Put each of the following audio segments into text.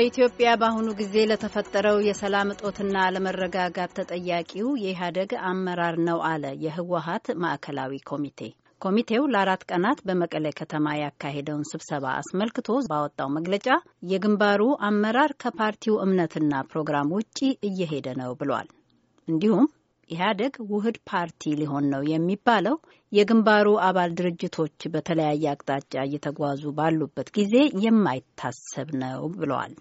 በኢትዮጵያ በአሁኑ ጊዜ ለተፈጠረው የሰላም እጦትና አለመረጋጋት ተጠያቂው የኢህአደግ አመራር ነው አለ የህወሀት ማዕከላዊ ኮሚቴ። ኮሚቴው ለአራት ቀናት በመቀሌ ከተማ ያካሄደውን ስብሰባ አስመልክቶ ባወጣው መግለጫ የግንባሩ አመራር ከፓርቲው እምነትና ፕሮግራም ውጪ እየሄደ ነው ብሏል። እንዲሁም ኢህአደግ ውህድ ፓርቲ ሊሆን ነው የሚባለው የግንባሩ አባል ድርጅቶች በተለያየ አቅጣጫ እየተጓዙ ባሉበት ጊዜ የማይታሰብ ነው ብለዋል።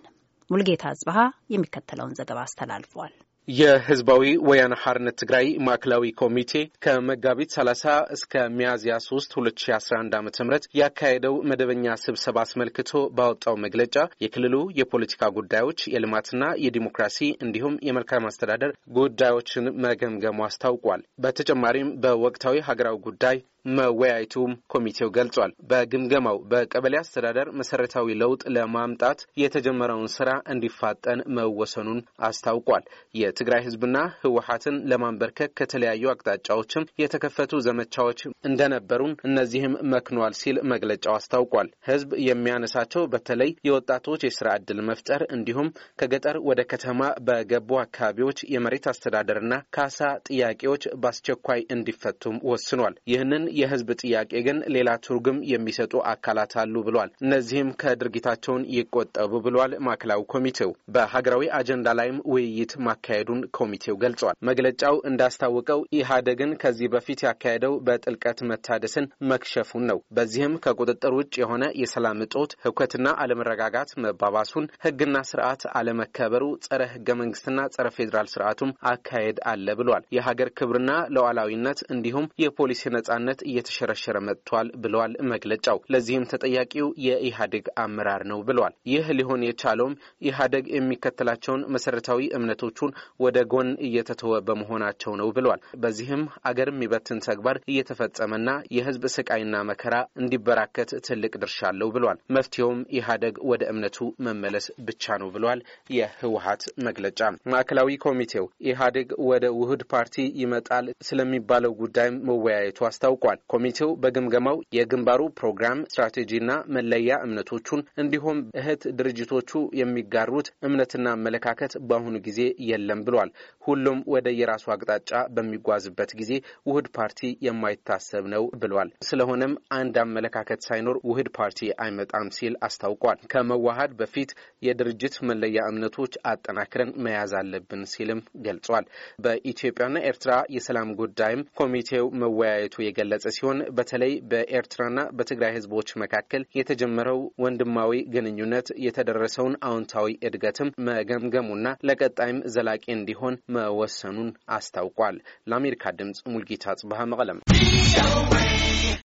ሙልጌታ አጽበሀ የሚከተለውን ዘገባ አስተላልፏል። የህዝባዊ ወያነ ሐርነት ትግራይ ማዕከላዊ ኮሚቴ ከመጋቢት 30 እስከ ሚያዝያ 3 2011 ዓ ም ያካሄደው መደበኛ ስብሰባ አስመልክቶ ባወጣው መግለጫ የክልሉ የፖለቲካ ጉዳዮች የልማትና የዲሞክራሲ እንዲሁም የመልካም አስተዳደር ጉዳዮችን መገምገሙ አስታውቋል። በተጨማሪም በወቅታዊ ሀገራዊ ጉዳይ መወያየቱም ኮሚቴው ገልጿል። በግምገማው በቀበሌ አስተዳደር መሰረታዊ ለውጥ ለማምጣት የተጀመረውን ስራ እንዲፋጠን መወሰኑን አስታውቋል። የትግራይ ህዝብና ህወሀትን ለማንበርከክ ከተለያዩ አቅጣጫዎችም የተከፈቱ ዘመቻዎች እንደነበሩም እነዚህም መክኗል ሲል መግለጫው አስታውቋል። ህዝብ የሚያነሳቸው በተለይ የወጣቶች የስራ ዕድል መፍጠር እንዲሁም ከገጠር ወደ ከተማ በገቡ አካባቢዎች የመሬት አስተዳደርና ካሳ ጥያቄዎች በአስቸኳይ እንዲፈቱም ወስኗል። ይህንን የህዝብ ጥያቄ ግን ሌላ ትርጉም የሚሰጡ አካላት አሉ ብሏል። እነዚህም ከድርጊታቸውን ይቆጠቡ ብሏል ማዕከላዊ ኮሚቴው። በሀገራዊ አጀንዳ ላይም ውይይት ማካሄዱን ኮሚቴው ገልጿል። መግለጫው እንዳስታወቀው ኢህአዴግን ከዚህ በፊት ያካሄደው በጥልቀት መታደስን መክሸፉን ነው። በዚህም ከቁጥጥር ውጭ የሆነ የሰላም እጦት፣ ህውከትና አለመረጋጋት መባባሱን፣ ህግና ስርዓት አለመከበሩ፣ ጸረ ህገ መንግስትና ጸረ ፌዴራል ስርዓቱም አካሄድ አለ ብሏል። የሀገር ክብርና ሉዓላዊነት እንዲሁም የፖሊሲ ነጻነት በፍጥነት እየተሸረሸረ መጥቷል ብለዋል መግለጫው። ለዚህም ተጠያቂው የኢህአዴግ አመራር ነው ብለዋል። ይህ ሊሆን የቻለውም ኢህአዴግ የሚከተላቸውን መሰረታዊ እምነቶቹን ወደ ጎን እየተተወ በመሆናቸው ነው ብለዋል። በዚህም አገር የሚበትን ተግባር እየተፈጸመና የህዝብ ስቃይና መከራ እንዲበራከት ትልቅ ድርሻ አለው ብለዋል። መፍትሄውም ኢህአዴግ ወደ እምነቱ መመለስ ብቻ ነው ብለዋል። የህወሀት መግለጫ ማዕከላዊ ኮሚቴው ኢህአዴግ ወደ ውህድ ፓርቲ ይመጣል ስለሚባለው ጉዳይም መወያየቱ አስታውቋል። አመልክቷል። ኮሚቴው በግምገማው የግንባሩ ፕሮግራም ስትራቴጂና መለያ እምነቶቹን እንዲሁም እህት ድርጅቶቹ የሚጋሩት እምነትና አመለካከት በአሁኑ ጊዜ የለም ብሏል። ሁሉም ወደ የራሱ አቅጣጫ በሚጓዝበት ጊዜ ውህድ ፓርቲ የማይታሰብ ነው ብሏል። ስለሆነም አንድ አመለካከት ሳይኖር ውህድ ፓርቲ አይመጣም ሲል አስታውቋል። ከመዋሃድ በፊት የድርጅት መለያ እምነቶች አጠናክረን መያዝ አለብን ሲልም ገልጿል። በኢትዮጵያና ኤርትራ የሰላም ጉዳይም ኮሚቴው መወያየቱ የገለጸ የገለጸ ሲሆን በተለይ በኤርትራና በትግራይ ህዝቦች መካከል የተጀመረው ወንድማዊ ግንኙነት የተደረሰውን አዎንታዊ እድገትም መገምገሙና ለቀጣይም ዘላቂ እንዲሆን መወሰኑን አስታውቋል። ለአሜሪካ ድምጽ ሙልጌታ ጽብሃ መቀለም